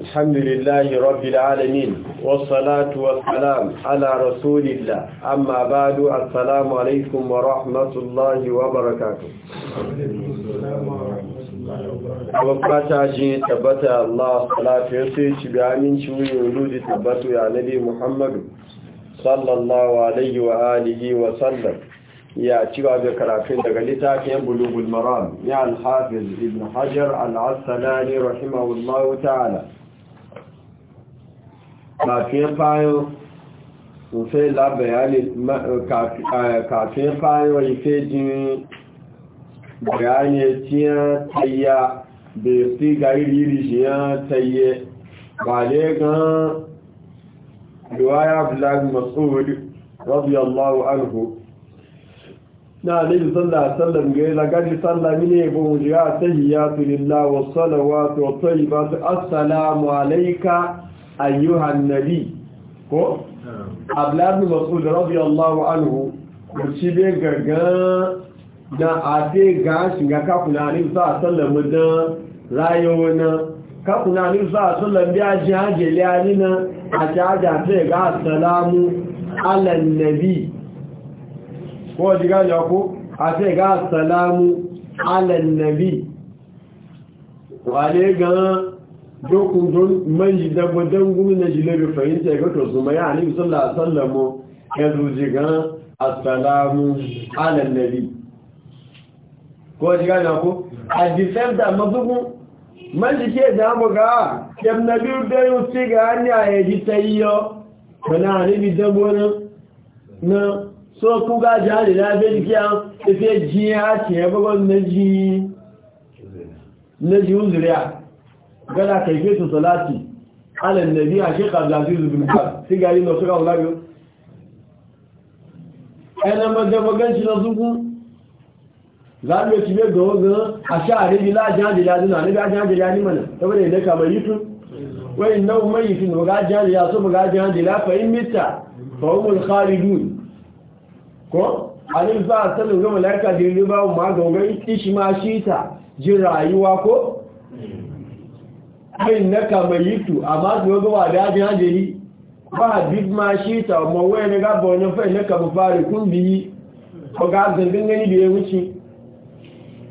الحمد لله رب العالمين والصلاة والسلام على رسول الله أما بعد السلام عليكم ورحمة الله وبركاته وقتا جي تبتا الله صلاة يسيش بأمين شوي ولود تبتو يا نبي محمد صلى الله عليه وآله وسلم يا تشوا بكرافين دغليتا كان بلوغ المرام يا الحافظ ابن حجر العسقلاني رحمه الله تعالى kafin fayo ife labayani kafin fayo ife jini bayani tiyan tayya da su gari rijiyan tayye kwale gan riwaya flag masud radiyallahu anhu na nabi sallallahu alaihi wasallam ga ya gaji sallami ne bu mujiya tahiyatu lillahi was salawatu wat tayyibatu assalamu alayka ayyuhan nabi ko abdullahi mas'ud radiyallahu anhu ko shi be gaga da ate ga shi ga ka kuna ni sa sallamu da rayo na ka kuna ni sa sallam biya ji haje liyani na a ta da sai ga assalamu ala nabi ko diga ya ko a sai ga assalamu ala nabi wale gan dokun don mai dabba don gumina jilabi fahimta ya gato su mai hannu sallah sallamo ya zuji gan asalamu ala nabi ko ji na ko a disanta mazugun man ji ke damu ga yam nabi da yi ci ga hanya ya ji ta yi yo mana hannu bi dabba na so ku ga jihari na bai jiki an tafiye jiya ce ya bugon na ji na ji uzuriya gana kaifetu salati ala nabi a sheikh abdulaziz bin baz sai gari na suka wula biyu ẹna magaganci na zugu za mu ci bai ga wanda a sha a ni mana tun wai ba ba ko alif ba sanin ga malaika da yi ma shi ta jin rayuwa ko kai na kama yitu amma su yau hajjari ba a duk ma shi ta mawai na gaba wani fai na kama fari kun biyi ko ga zangin gani da ya wuce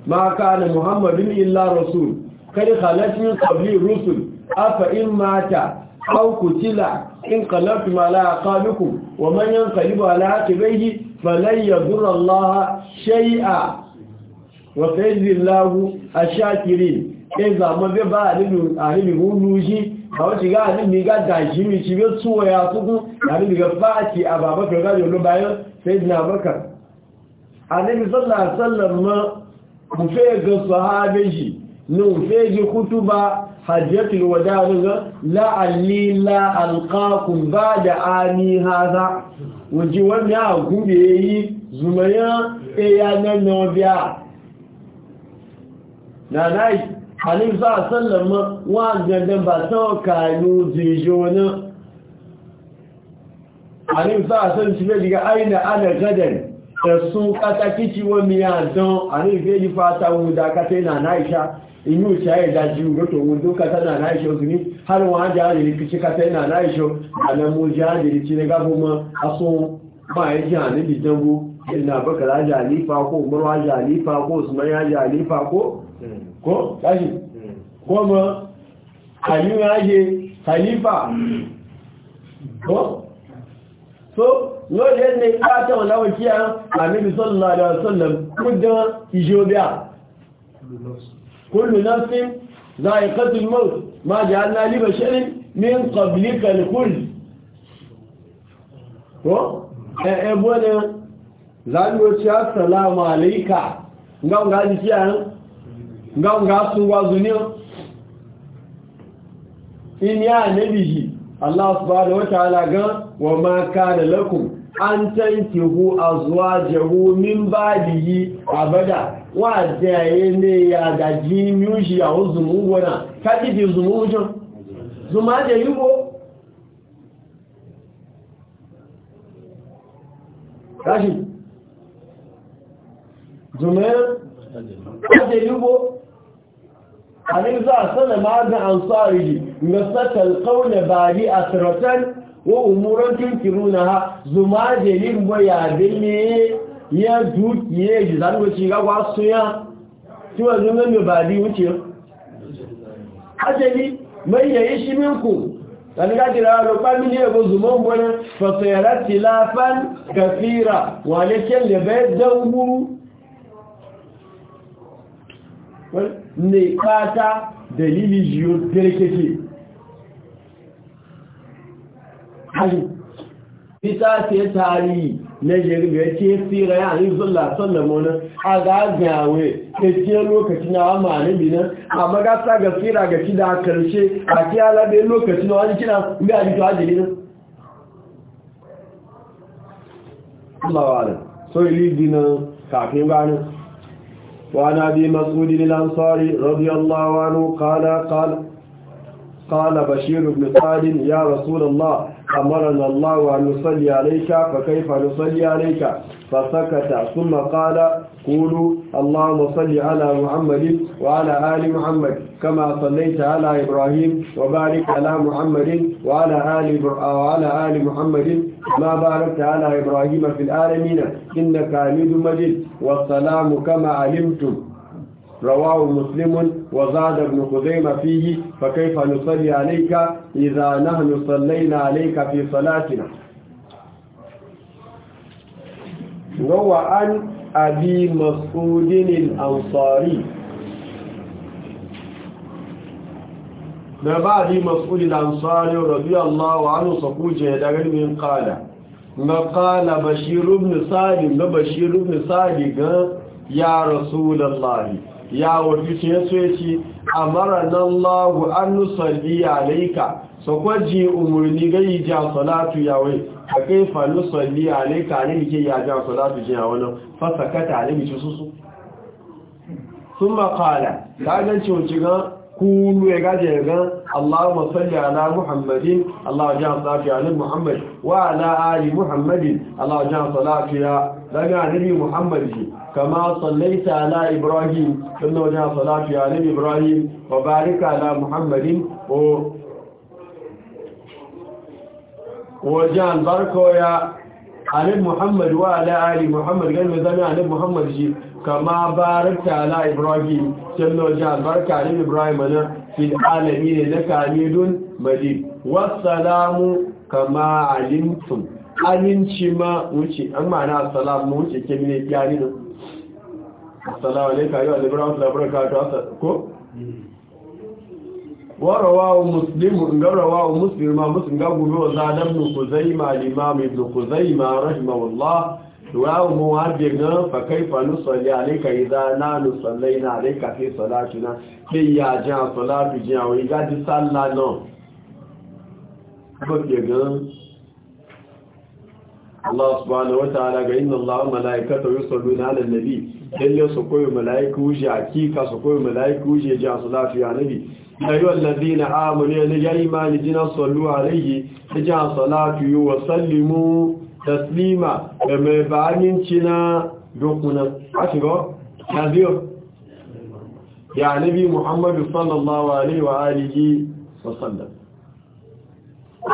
ma ka na muhammadin illa rasul kada halattun kabli rusul afa in mata au kutila in kalabtu ma la wa manyan yanqalibu ala aqibihi falan yadurra allaha shay'a wa sayyidu allahu ẹgbà mọ́gbé bá àrílìmú lúújí àwọn ti gá ní nígá dàjí mi ti bí ó túnwọ̀ ya túnkún àrílìgá fáàtì àbàbà pẹ̀lú ló báyọ́ fẹ́dìnà mọ́kà àrílì sọ́làsọ́làm haza a yi zumayen na na náà àníbísà àṣẹ́lẹ̀mọ́ wọ́n àgbẹ̀dẹ̀ bàtẹ́ ọ̀kà ìlú jìjọ náà àníbísà àṣẹ́lẹ̀ ti fẹ́ jìgá àìnà àdẹ̀gẹ́dẹ̀ ẹ̀sùn kátàkì tí wọ́n mi àdán àníbífẹ́ yí fata wùdá kátẹ́ ìnà àìṣà inú ìṣàyẹ̀ ìdájú rótò wọn tó kátà náà àìṣà òsìní har wọn ájá àjèrè fi a kátà ìnà àìṣà àlẹ́mú jẹ́ àjèrè tí lẹ́gá fún mọ́ asún máa jẹ́ àníbì dánwó ìnà àbọ́kàlá àjẹ́ àlífà kó mọ́rọ̀ àjẹ́ àlífà kó òsùnmọ́ àjẹ́ àlífà ko. ko tashi ma kayu yaje khalifa ko so lóòrẹ́ ní pàtàkì ọ̀láwọ̀ kí a àmìbì sọ́lọ̀lọ́ àdáwọ̀sọ́lọ̀m kú dán ìṣòbíà kúlù náà sí za a ma jẹ́ aláàlì bẹ̀ṣẹ́rin ní kọ̀bílì kẹlùkúlù ko ẹ̀ẹ́bọ́n eh, eh, ni zanuwa ci assalamu alaika ga ọ̀gá jikiyar nga nga sungwa zuniyo in ya nabihi Allah subhanahu wataala ga wa ma kana lakum an tankihu azwajahu min badihi abada wa jaye ne ya gaji yushi ya uzumu gona kaji bi zumu jo zuma je yugo kaji zuma kaji yugo anin za a sana ma'azin ansari nasatar kaune bari a siratan wa umuran tunkiru na ha zuma jelin bayadin ne ya dukiye ji zan ci ga su ya tí wọ́n zunga mai bari wuce ajali mai yayi shi minku tani ka jira lo pamili ebo zuman bwana fasayara tilafan kafira wale kyan da bai danguru ne ɓata da jiyo birkeke hajji ita ce tarihi na jirgin ce tsira ya yi zulla sallamonin a ke ce lokaci na amani binan a magasa ga tsira ga shi da karshe a kiyalabe lokaci na wani kina ga jikin ajiyar Allah wa so ili dinan kafin banin وعن أبي مسعود الأنصاري رضي الله عنه قال قال قال بشير بن قال يا رسول الله أمرنا الله أن نصلي عليك فكيف نصلي عليك فسكت ثم قال قولوا اللهم صل على محمد وعلى آل محمد كما صليت على إبراهيم وبارك على محمد وعلى آل, وعلى آل محمد ما باركت على إبراهيم في العالمين إنك حميد مجيد والسلام كما علمتم رواه مسلم وزاد ابن خزيمة فيه فكيف نصلي عليك إذا نحن صلينا عليك في صلاتنا روى عن أبي مسعود الأنصاري نبأ أبي مسعود الأنصاري رضي الله عنه صفوجه دغن من قال maƙala bashirun misali na bashirun misali ga ya rasulallahi ya wafi ce su ya ce a maranan lagu an nusalli alaika sakwaji umarni gai ja salatu yawai a kaifa nusalli alaika ne ke ya ja salatu jiya wani fasakata ne mace susu sun maƙala ta ganci ci gan kulu ya gaji ya gan Allahumma salli ala Muhammadin Allahumma ja'al salati ala Muhammad wa ala ali Muhammadin Allahumma ja'al salati daga nabi Muhammad kama sallaita ala Ibrahim inna ja'al salati ala Ibrahim wa barik ala Muhammadin o wajen barkoya alin Muhammad wa ala ali Muhammad gan mai zama alin Muhammad shi kama barakta ala ibrahim sallo ja barka ni ibrahim ana fi alami ne na kamidun Wa salamu kama alimtum aminci ma wuce an ma'ana assalamu mu wuce kemi ne ya ni nan assalamu alaika yau alibrahim labarar kato asa ko Wa warawawo muslimu nga warawawo muslimu ma muslimu ga gube wa zanen nukuzai ma limamu nukuzai ma rahimawallah duwawu wajirin fakai fanusalli alaika iza na nusalli na alaika fi salatuna ke ya jin a salatu jin a wani gadi salla náà gbogbo gan Allah subhanahu wa ta'ala ga inna Allah malaikata yusalluna ala nabi lalle su koyi malaiku ji hakika su koyi malaiku ji ji salatu ya nabi ya yi wallazi na amuru ya ni ya imani jinan sallu alaihi ji salatu yi wa sallimu taslima da mai bayanci na dokunan a shiga ya biyo ya nabi muhammadu sallallahu alaihi wa alihi wasallam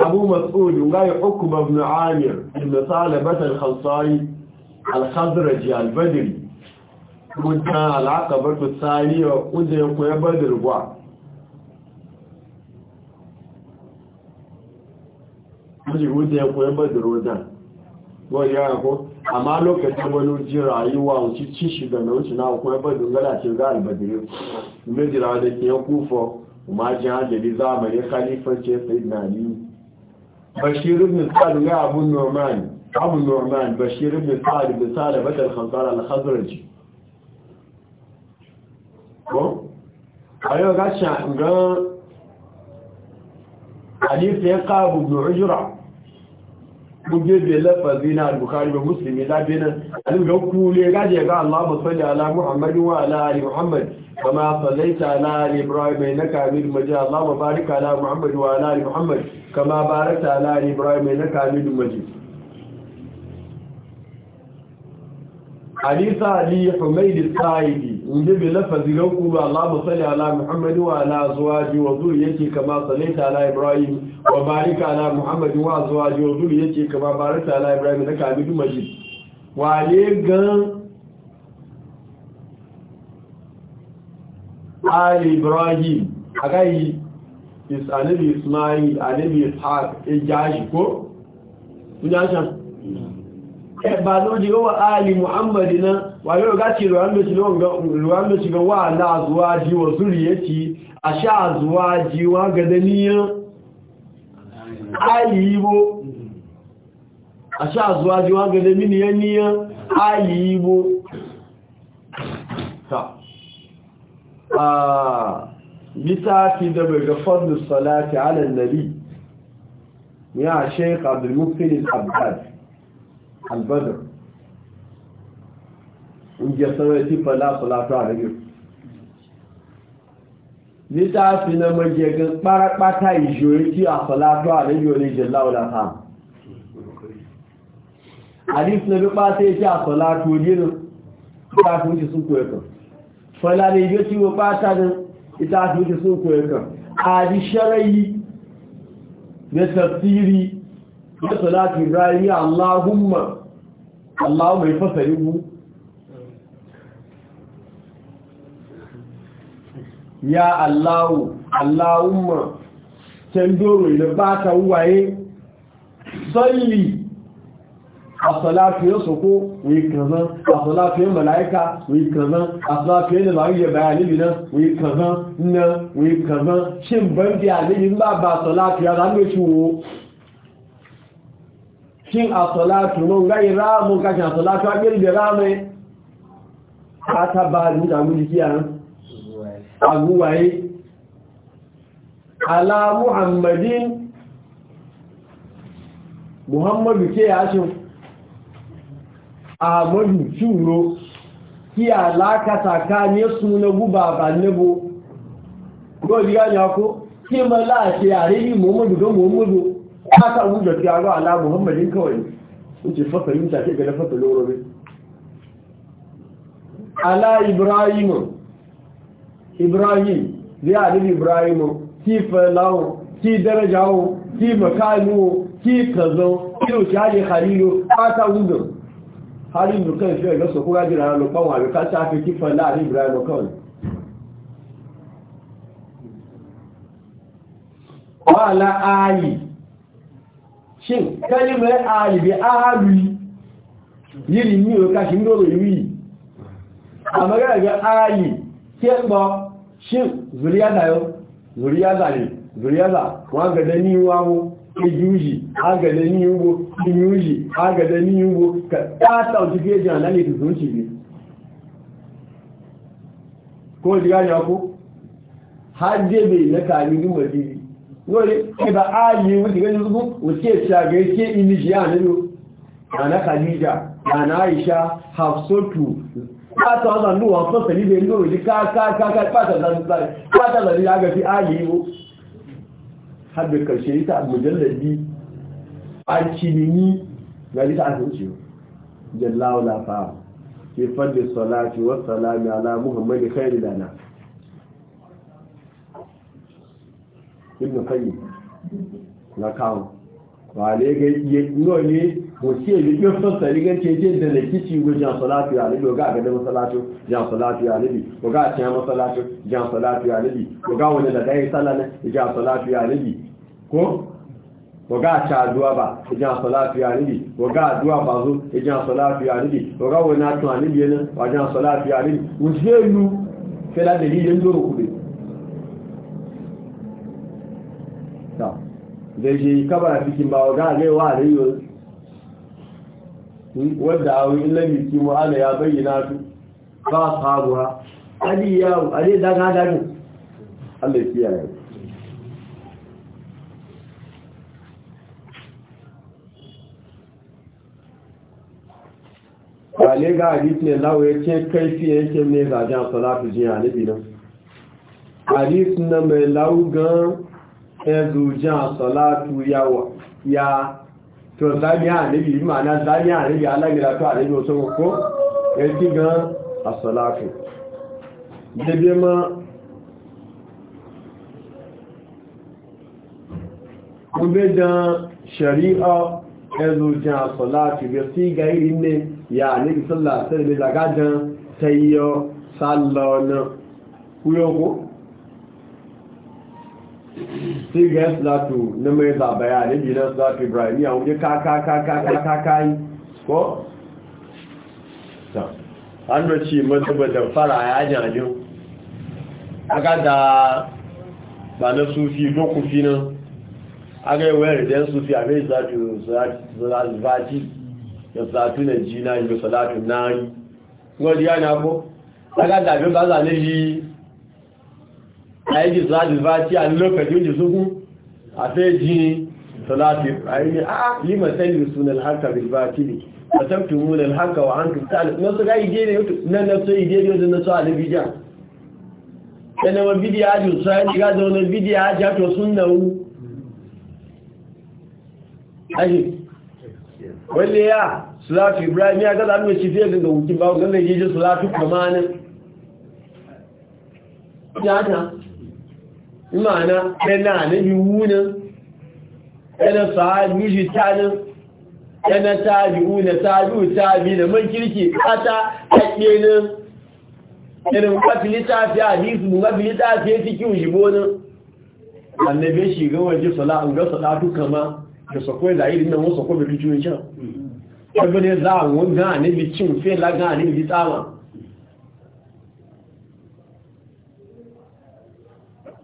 abu mas'ud ga ya ukba ibn amir ibn salabat al-khansari al-khazraji al-badri kunta al-aqabatu al-thaniya kunta yakuya badr wa wajen. yakuya badr wa amma lokacin wani ji rayuwa wuce na a albadirin mejira da ke kufa kuma ji hajjali zamanin khalifarce sai na ni bashir ibn sa'ad ga abu norman abu norman bashir ibn sa'ad ibn sa'ad badal ya buge bai lafazi na al-bukhari da muslimi da nan an ga kule gaje ga Allah salli ala Muhammad wa ala ali Muhammad kama sallaita ala ali Ibrahim innaka Hamid Majid Allah wa barik ala Muhammad wa ala ali Muhammad kama barakta ala ali Ibrahim innaka Hamid Majid hadisa ali Humayd al-Sa'idi inda bai lafazi ga ku Allah salli ala Muhammad wa ala azwaji wa zuriyati kama sallaita ala Ibrahim wa barika ala muhammad wa azwaji wa zuriyati kama barakta ala ibrahim na kamidu majid Waye gan ali ibrahim agai is anabi ismail anabi ishaq ijaji e ko kujashan ẹ̀bà e ló jí lọ́wọ́ ààlì muhammad náà wà yóò gáti ruwambe ṣigan wà láàzúwájí wọ̀ zúriyẹ́ci a àzúwájí wọ́n gẹ̀dẹ̀ níyàn alibo a sha zuwa jiwa ga da miliyan niyan alibo ta a ah, littafi da bai ga fadlus salati ala nabi ya sheik abdulmufin al-abbad in ji sanar ti la salatu a nabi littafi na magegin ɓaraɓata ijiyoyi a falatu a rajiyo ne jallawar ta hadis na bi ɓata yake a falatu ne ita wuce sun koya kan fala yi biyo ciwo ɓata nan ita wuce sun koya kan a ji sharayi da tafsiri da salatu ibrahim allahumma allahumma ya fasa hu. ya allahu allahumma can doro ile ba ta waye salli asalafiyar soko wuyi kazan asalafiyar mala'ika wuyi kazan asalafiyar da ma'ayyar bayanibi nan wuyi kazan nan wuyi kazan shin ban bayanibi ba ba asalafiya za mu ci wo shin asalatu mun gai ramun kashin salatu a ƙirgin ramai ta ba da mutane a nan aguwaye ala muhammadin muhammadu ke yashin ahmadu shuro ki alaka tsakani suna guba ba nebo gọ́ọ̀dí yáni ọkú kí mọ́ láàṣẹ àrí ní muhammadu don muhammadu káàkà wújọ tí a rọ ala muhammadin kawai ń ce fasa yínta ke gada fasa lóró ala ibrahimu ibrahim zai adin ibrahimu ki falawo ki darajawo ki makamu ki kazo kilo ki hali halilu ata wudu halin dukkan shi ga so kuga jira lo kan wa ka ta fi ki fala adin ibrahimu kan wala ayi shin kalimar ayi bi ahadu yiri ni o ka shi ndoro yi a magana ga ayi ke ba shin zuriya da yau zuriya da ne zuriya da wa ga da ni wa mu ke yuji ga da ni yuji ga da ni ka ta ke jan ne zuci ne ko ya ku har je bai na ni ke ba ayi mu diga ni ke ya ne ana khadija ana aisha hafsatu 5,000 ló wọ́n sọ́sẹ̀ nílé lóòrò ní káàkàkà ya gafi ayi karshe ita mujallar bi an cinini ga na wòtí èyí bí ó sọ́sẹ̀ ní gẹ́gẹ́ jẹ́ ìdẹ̀lẹ̀ kìtì ìwé jẹ́ ọ̀sọ̀láàtì àlébì ọgá àgẹ́dẹ́ alebi jẹ́ ọ̀sọ̀láàtì àlébì ọgá àti àwọn mọ́sálátì jẹ́ ọ̀sọ̀láàtì àlébì ọgá wọlé dàdáyé sálálẹ̀ jẹ́ ọ̀sọ̀láàtì àlébì alebi ọgá àti àdúwà bà jẹ́ ọ̀sọ̀láàtì àlébì ọgá àdúwà bà zó jẹ́ ọ̀sọ̀láàtì àlébì ọgá wọlé àtún àlébì ẹni wà jẹ́ ọ̀sọ̀láàtì àlébì wòtí èlú fẹ́lá dèlí yẹn lóró kabara ba wadda a wuyin lami ki mu'ala ya bayyana su ba sabuwa ali yawo da ga da mu ya kiyaye wale ga hadith ne lawo ya ce kaifi yake ne zajen salatu jin bi nan hadith na mai lawo ga jan salatu yawa ya to zamiya annabi ma'ana zamiya annabi Allah ya rafa annabi wasu ko yake ga as-salatu dabe ma kuma da shari'a ezo jin as-salatu bi siga irin ne ya annabi sallallahu alaihi wasallam daga dan tayyo sallona kuyo ko sai ga yasu latu na mai zabaya ne bi na su latu ibrahim ya wuce kakakakakakakai ko? ta hannu ci da fara ya jajin aka da ba na sufi dokufi nan aka yi wayar da sufi a mai zatu zati da zatu na jina da salatu na yi gwadi ya na ko? aka da abin ba ne yi. àyíjì láti bá tí a lọ́pẹ̀lú ìjìsógún àfẹ́jìn tọ́láti àyíjì ah lima sẹ́lì sún alhaka bilbatili a tafkin mún alhaka wa hankali tààlì na su gai gere na na su ide ne na su alibijan yana bidiya ajiyar su ya shiga da wani bidiya ajiyar to sun na aji wale ya sulatu ibrahim ya gaza mai shi fiye daga wukin bawa ganin yijin sulatu kamanin ya ta imana yana anabi wunan yana sahabi jitanin yana tabi'u na tabi'u tabi da man kirki kata haƙe nan yana mafi littafi a hadisu mafi littafi ya cikin shigo nan annabe shiga waje sala'un ga salatu kama da sakwai zahiri nan wasu sakwai bai fi ciwon can ƙarfi ne za a wani gane bicin fela gane bi tsama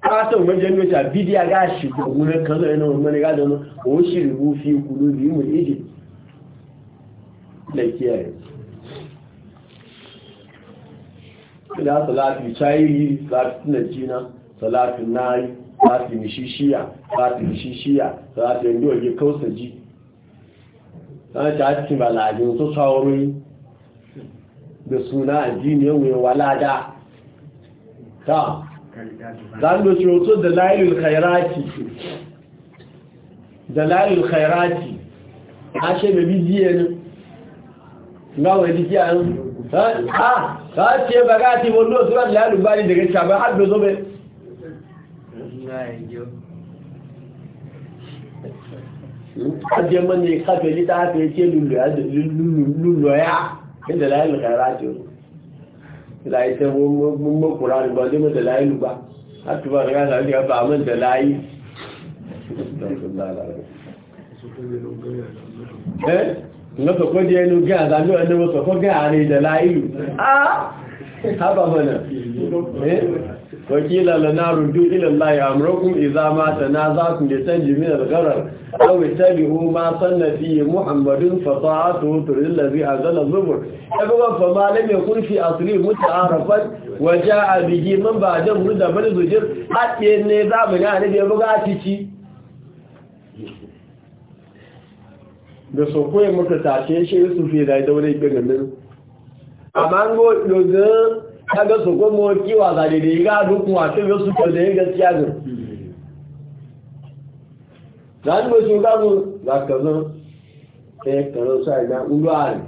pásọ̀ mẹ́jẹ́ ló ṣà bídí agáṣì òun rẹ̀ kan lọ́rẹ̀ náà mẹ́rin gájọ náà ó sì rí wú fi ikú lórí ìmọ̀ èdè lẹ́kí ẹ̀ ìdá sọláàtì cháyìí láti nàìjíríà sọláàtì náàrí láti mìṣíṣíyà láti mìṣíṣíyà sọláàtì ẹ̀ndí òye kọ́sẹ̀jì ba àti bàlàjì tó sọ orí gbèsùn náà jí ní wala da ládàá za mu doce wato khairati khairati a ha ha ce ba ga ti ya khairati láìsẹ́ mọ́kùnrin àrùgbọ́n dé mọ́tẹ̀ láì lùgbà látúbà rẹ̀ láti ọba àmọ́tẹ̀ láì lọ́sọ̀kọ́ jẹ́ ẹnu gẹ́ àdájú ẹni mọ́sọ̀kọ́ gẹ́ àárín ìdẹ̀ láì lù ah! wakila lana rudu ilallahi amrakum idza ma tanazatum li tanji min al-gharar aw tabi'u ma sanna fi muhammadin fa ta'atuhu allazi azala zubur kaga fa ma lam yakun fi asli muta'arafat wa ja'a bihi man ba'da murda bal zujir hakke ne za mu ga ne buga cici da so koyi muka tashe shi su fi da daure ganin amma go kaga su kuma kiwa za da dai ga wato ya su ko da yin gaskiya ne dan mu su ga mu za ka zo eh karo sai da ulwari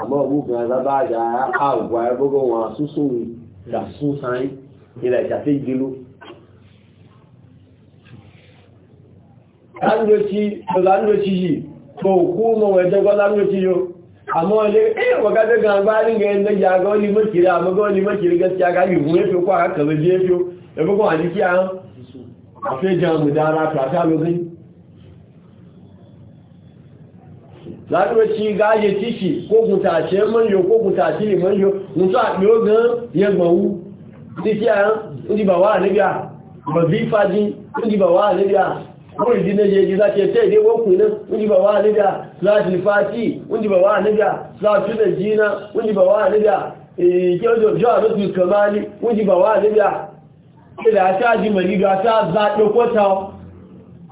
amma bu ga za ba ja a gwa ya bugo wa su su da su sai ila ta fi gilu an doci ba zan doci shi ko kuma wai da yo amma wani eh wagada ga bani ga yanda ya ga wani makiri amma ga wani makiri gaskiya ga yi mu yafi kwa haka ba je fi da bugun a jiki a a sai ja mu dara ta ta lokaci laluwa ci gaje ko ko ga ya gbawu a ndi ba wa alibiya ba bi faji ndi ba wa alibiya ko idi na je ji za ce ta ide wokun ndi ba wa slash fati wani ba wa nida slash da jina wani ba wa nida jawa da su kamali wani ba wa nida da ta ji maliga ta zaɗe kwata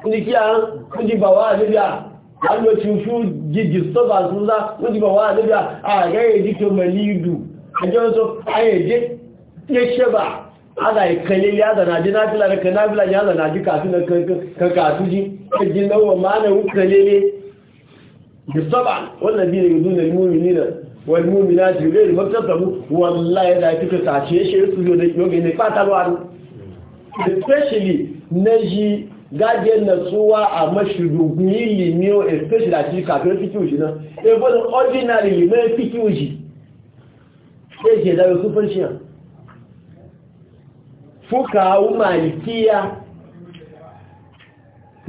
wani kiya wani ba wa nida an yi cinsu jirgin saba sun za wani ba wa nida a gaya jikin malidu a jawa su aya je ya ce ba a yi kanyar yada na ji nafila da kanafila yada na ji kasu na kankan kankan su ji ƙirgin nawa ma'ana wukanyar ne بالطبع والذين يؤذون المؤمنين والمؤمنات بغير ما اكتسبوا والله لا تكسع شيء شيء يسجد يوجد فاتلوا especially naji na natsuwa a mashiruguni limiyo especially a cikin kafin fiki uji na. ebe da ordinary limiyo fiki uji sai ke zai sufin shi fuka umarikiya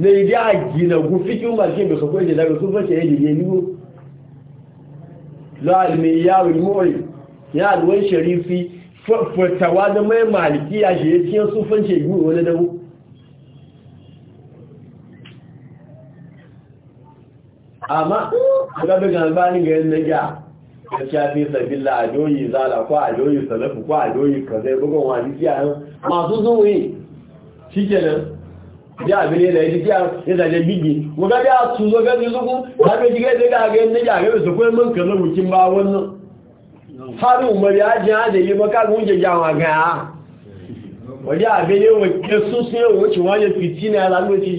na ìdí àjìnàgún fíkún da ìbẹ̀sọ̀ da daga tó fẹ́ ṣe èdè nígbó láàrin ìyáwó ìmọ́rin ní Ya ìṣẹ̀rí fi fẹ̀tàwà da mai maliki a ṣe tí yán sún fẹ́ yi ìgbò wọlé dáwó amma agabin albanin ga na ya ya shafi sabila a doyi zala ko a doyi salafu ko a doyi kazai bugan wani siya masu zuwi shi kenan bí àbílẹ̀ ilẹ̀ ìdí tí ìdàjẹ́ gbígbì wọ́n gájá àtúnzọ gẹ́gẹ́ ìsúkú lábẹ́jì gẹ́gẹ́ gẹ́gẹ́ níjà rẹ̀ ìsúkú ẹmọ́ nǹkan lórí tí ń bá wọ́n náà hálù mọ̀rí ajẹ́ ajẹ́ yìí mọ́kágún jẹjẹ àwọn àgbà wọ́n àbílẹ̀ wọn kẹ́ sún sí òun tí wọ́n yẹ fi tí ní alágbèjì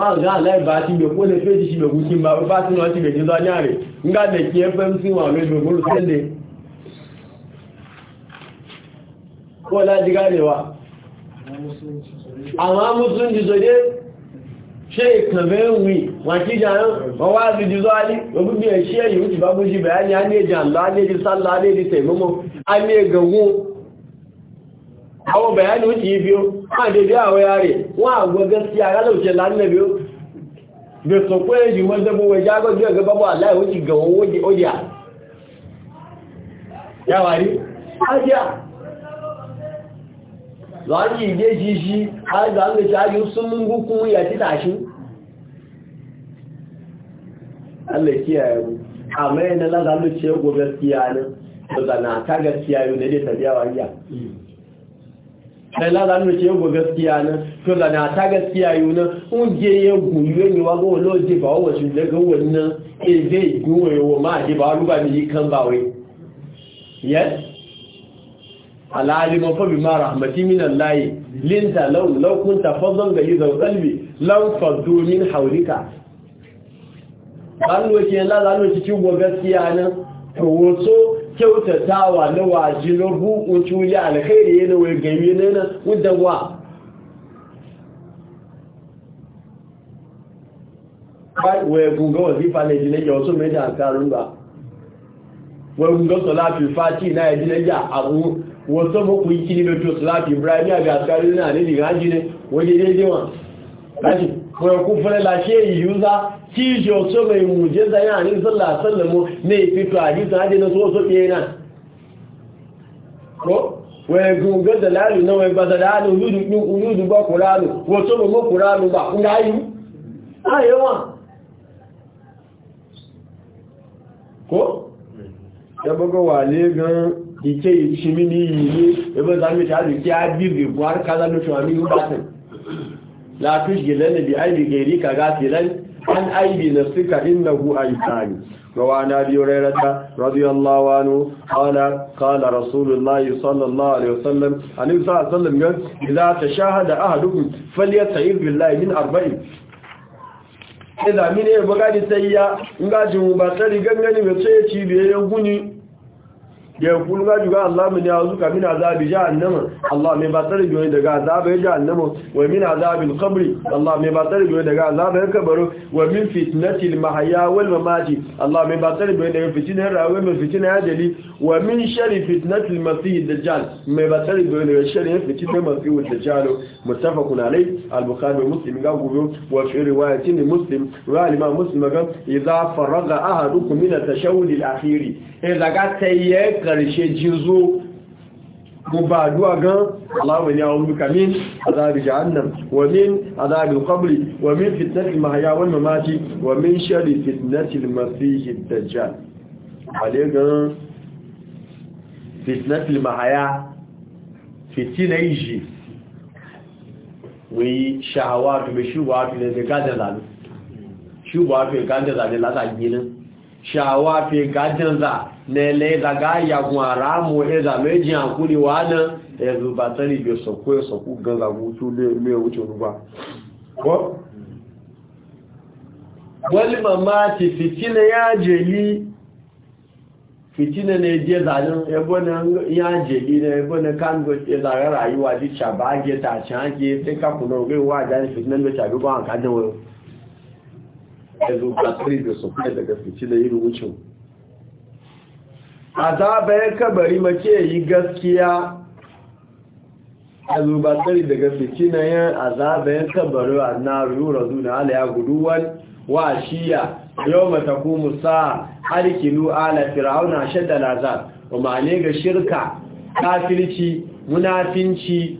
Wọ́n àgbà aláìbá ti gbẹ̀kú lè fẹ́ ti ṣe gbẹ̀kú bá nga da ke fmc wa mai domin ne. ko laji ganewa amma musulunci soje ṣe ìkànbẹ̀wì e wọn kí jẹ́ wọn wá sí jízọ́ alí ogun bí e e yi ṣe babu ti bayani bú sí bẹ̀yà ní àníèjì àlọ́ àníèjì sálọ àníèjì tẹ̀mọ́mọ́ àníègànwó àwọn bẹ̀yà ní ó ti yí bí ó wọ́n àdébí àwẹ́ rẹ̀ wọ́n àgbọ́gẹ́ sí agálòṣẹ́ lánàbí ó da sọ̀pọ̀ èyí wọ́n zẹ́bọ̀ wọ́n já gọ́jú ẹ̀gẹ́ bọ́bọ̀ aláìwọ́ ti gẹ̀wọ́ óyà yàwà rí ájá láàrín ìdé jíṣí ájá ń lè ṣáájú súnmúngúkún ìyà títà ṣú alẹ́kí ẹ̀rù àmẹ́rin ya. sai la zanu ce yau gaskiya nan to la na ta gaskiya yau nan un je ya guyu ne wa go lo je ba wa shi daga wannan e zai guwe wa ma je ba ruba yi kan ba wai yes alalima fa bi ma rahmati min allah linta law law kunta fadlan ga yizal qalbi law faddu min hawlika zanu ce la zanu ce gaskiya nan to wato kyautatawa na wajirin hukun cuyi alkhairi yana wai gami na yana wudanwa wai gunga wazifa na jinayya wasu mai da hankalin ba wai gunga salafi fati na ya jinayya abu wasu makon kilomita salafi ibrahim ya ga hankalin na ne daga hajji ne wajen daidaiwa hajji kufre la yi yuza tijo so mai mujeza ya ani sallallahu alaihi wasallam ne fito hadisi hadi na so so kenan ko wani wai da dalalu na wani wai bazalalu yudu yudu ba qur'anu ko so mu qur'anu ba ngayu ayewa ko ya bugo wale gan ike yi shimini yi ne ebe zami ta da ki abi bi buhar kaza no shawami yi batin la tujgila na bi aibi gairi ka gafi an aibi na suka inna hu a itani rawa na biyu rairata radiyallahu anu ala kala rasulullah sallallahu alaihi wasallam an isa a sallam yau idan ta shahada aha dukkan faliyar ta arba'in. billahi min arba'in ina mine bugadi sai ya ngajin ba tsari gangani ya tsaye cibiyar guni ya kulu ga juga Allah min ya zuka min azabi jahannama Allah mai ba tsare daga azabi jahannama wa min azabil qabri Allah mai ba tsare goyi daga azabi kabaru wa min fitnatil mahya wal mamati Allah mai ba tsare goyi daga fitinar rayuwa mai fitina ajali wa min sharri fitnatil masih dajjal mai ba tsare goyi daga sharri fitinar masih dajjal mutafaqun alay al-bukhari muslim ga gobe wa fi riwayatin muslim wa al-imam muslim ga idha faraga ahadukum min at-tashawul al-akhir idha ga tayyaka ṣe jízo gbogbo duwa gan aláwẹ̀ ni àwọn olùkà mín àdáàbì jàánà wọ̀mí àdáàbì kọ́bùlì wọ̀mí fitnesi mahaya wọ́n mọ̀má jí wọ̀mí ṣẹ́lì fitnesi mafi ìdẹ̀já àdé gan fitnesi mahaya fitina ìjì wí ṣàwà àtùmẹ̀ ṣùgbọ́n àtùmẹ̀ gájẹ̀ nele daga yagun aramu eza meji ankuri wa nan ẹ̀rù bàtẹ́rì ibi ọ̀sọ̀kú ẹ̀sọ̀kú gangan àwọn tó lé owó tí ó rúgbà wọ́n lè màmá ti fìtínà yá jẹ̀lí fìtínà na ẹjẹ́ ìzànà ẹgbọ́nà yá jẹ̀lí na ẹgbọ́nà káńgọ́ ìzàrẹ́ ràyíwá jí ṣàbá jẹ́ tàṣà jẹ́ tẹ́kàkùnà orí wà jáde fìtínà ló ṣàbí bọ́ àkádẹ́wọ̀ ẹ̀rù bàtẹ́rì ibi ọ̀sọ̀kú ẹ̀dẹ̀gẹ̀ fìtínà yìí rúgbà azaba ya kabari mace yi gaskiya a zubatsari daga fitinayen azaba ya kabari a na rura zuna ala guduwan wa shiya yau mata kuma sa harkilu ala fir'auna shaddala ma'ane ga shirka kafirci munafinci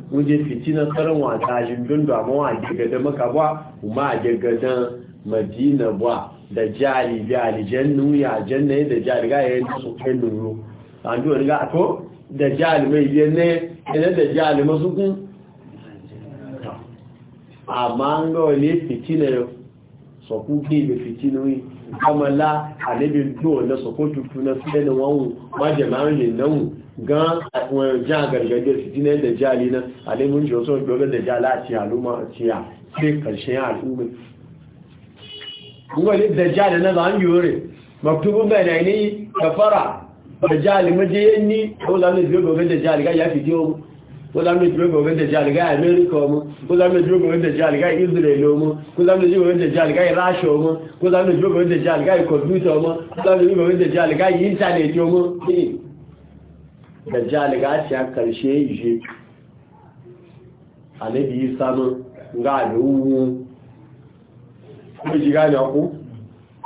wunje fitina tsaron wa tajin dundu mawa wa gegada maka ba kuma a gegada madina ba da jari bi alijannu ya janna da jari ga yayin su kai nuru an duwa ga to da jari mai yanne idan da jari masu kun amma an ga wani fitina yau so kuke da fitinoyi kamala alibin duwa na sokotutu na fiye da wawon majamarin nan gan wọn jẹ́ àgàrgàdé sí jíne da jali nan alimin ji wasu gbogbo da jala a ciya luma a ciya sai karshen al'ummi wani da jali na zan yore maktubun bai na yi fara da jali majiyan ni ko zamu biyo gogon da jali ga ya fi jiyo ko zamu biyo gogon da jali ga america mu ko zamu biyo gogon da jali ga israel mu ko zamu biyo gogon da jali ga russia mu ko zamu biyo gogon da jali ga computer mu ko zamu biyo gogon da jali ga internet mu da jaligaci a karshe yi anabi yi samun ga al'uwu kuma ji gani ku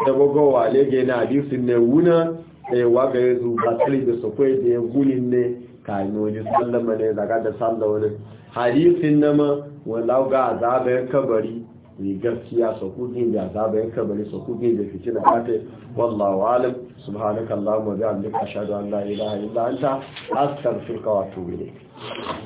da gogowa lege na abisun ne wuna da yawa ga yanzu zuba tsari da sakwai da ya gulin ne kayan wani sallama ne zaga da sallama wani hadisin nama wala ga azabar kabari gaskiya sakudin da azaba ya kabari sakudin da fitina kate wallahu alam subhanaka allahumma wa bihamdika ashhadu an la ilaha illa anta astaghfiruka wa atubu ilayk